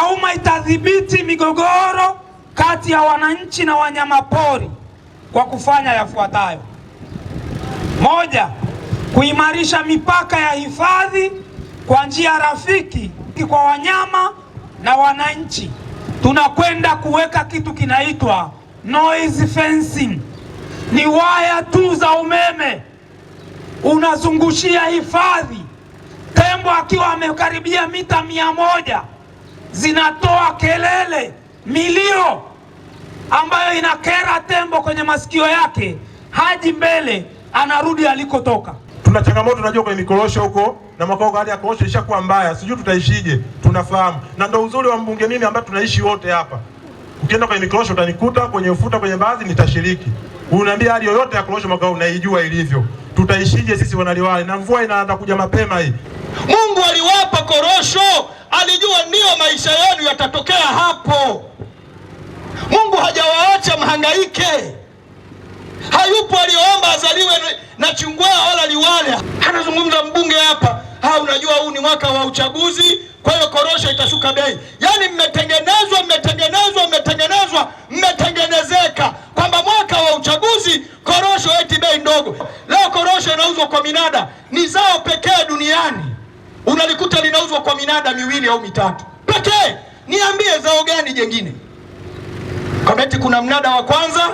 Kauma itadhibiti migogoro kati ya wananchi na wanyamapori kwa kufanya yafuatayo: moja, kuimarisha mipaka ya hifadhi kwa njia rafiki kwa wanyama na wananchi. Tunakwenda kuweka kitu kinaitwa noise fencing, ni waya tu za umeme unazungushia hifadhi, tembo akiwa amekaribia mita mia moja zinatoa kelele, milio ambayo inakera tembo kwenye masikio yake, haji mbele, anarudi alikotoka. Tuna changamoto tunajua kwenye mikorosho huko na makao hali ya korosho ishakuwa mbaya, sijui tutaishije, tunafahamu. Na ndio uzuri wa mbunge mimi ambaye tunaishi wote hapa. Ukienda kwenye mikorosho utanikuta, kwenye ufuta, kwenye baadhi nitashiriki. Unaniambia hali yoyote ya korosho makao unaijua ilivyo. Tutaishije sisi wanaliwale? Na mvua inaanza kuja mapema hii. Mungu aliwapa korosho alijua ndiyo maisha yenu yatatokea hapo. Mungu hajawaacha mhangaike. Hayupo aliyoomba azaliwe na chungwaa wala liwale. Anazungumza mbunge hapa, ha, unajua huu ni mwaka wa uchaguzi, kwa hiyo korosho itashuka bei. Yaani mmetengenezwa, mmetengenezwa, mmetengenezwa, mmetengenezeka kwamba mwaka wa uchaguzi korosho eti bei ndogo. Leo korosho inauzwa kwa minada, ni zao pekee duniani unalikuta linauzwa kwa minada miwili au mitatu pekee. Niambie zao gani jengine? Kamati, kuna mnada wa kwanza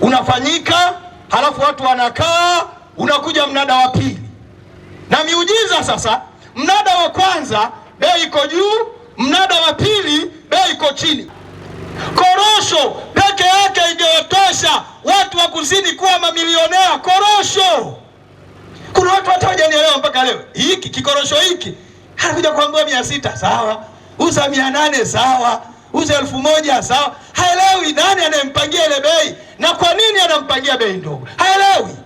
unafanyika, halafu watu wanakaa, unakuja mnada wa pili na miujiza sasa. Mnada wa kwanza bei iko juu, mnada wa pili bei iko chini. mpaka leo hiki kikorosho hiki anakuja kuambiwa mia sita sawa, uza mia nane sawa, uza elfu moja sawa. Haelewi nani anayempangia ile bei na kwa nini anampangia bei ndogo, haelewi.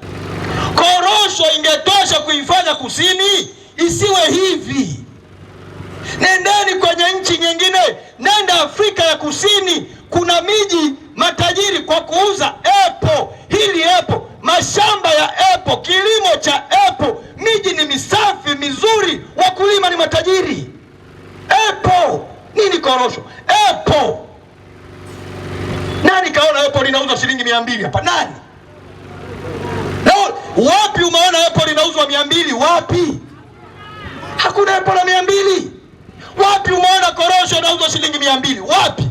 Korosho ingetosha kuifanya kusini isiwe hivi. Nendeni kwenye nchi nyingine, nenda Afrika ya Kusini, kuna miji matajiri kwa kuuza epo korosho epo. Nani kaona epo linauzwa shilingi mia mbili hapa? Nani? Wapi umeona epo linauzwa mia mbili? Wapi? Hakuna epo la mia mbili. Wapi umeona korosho inauzwa shilingi mia mbili? Wapi?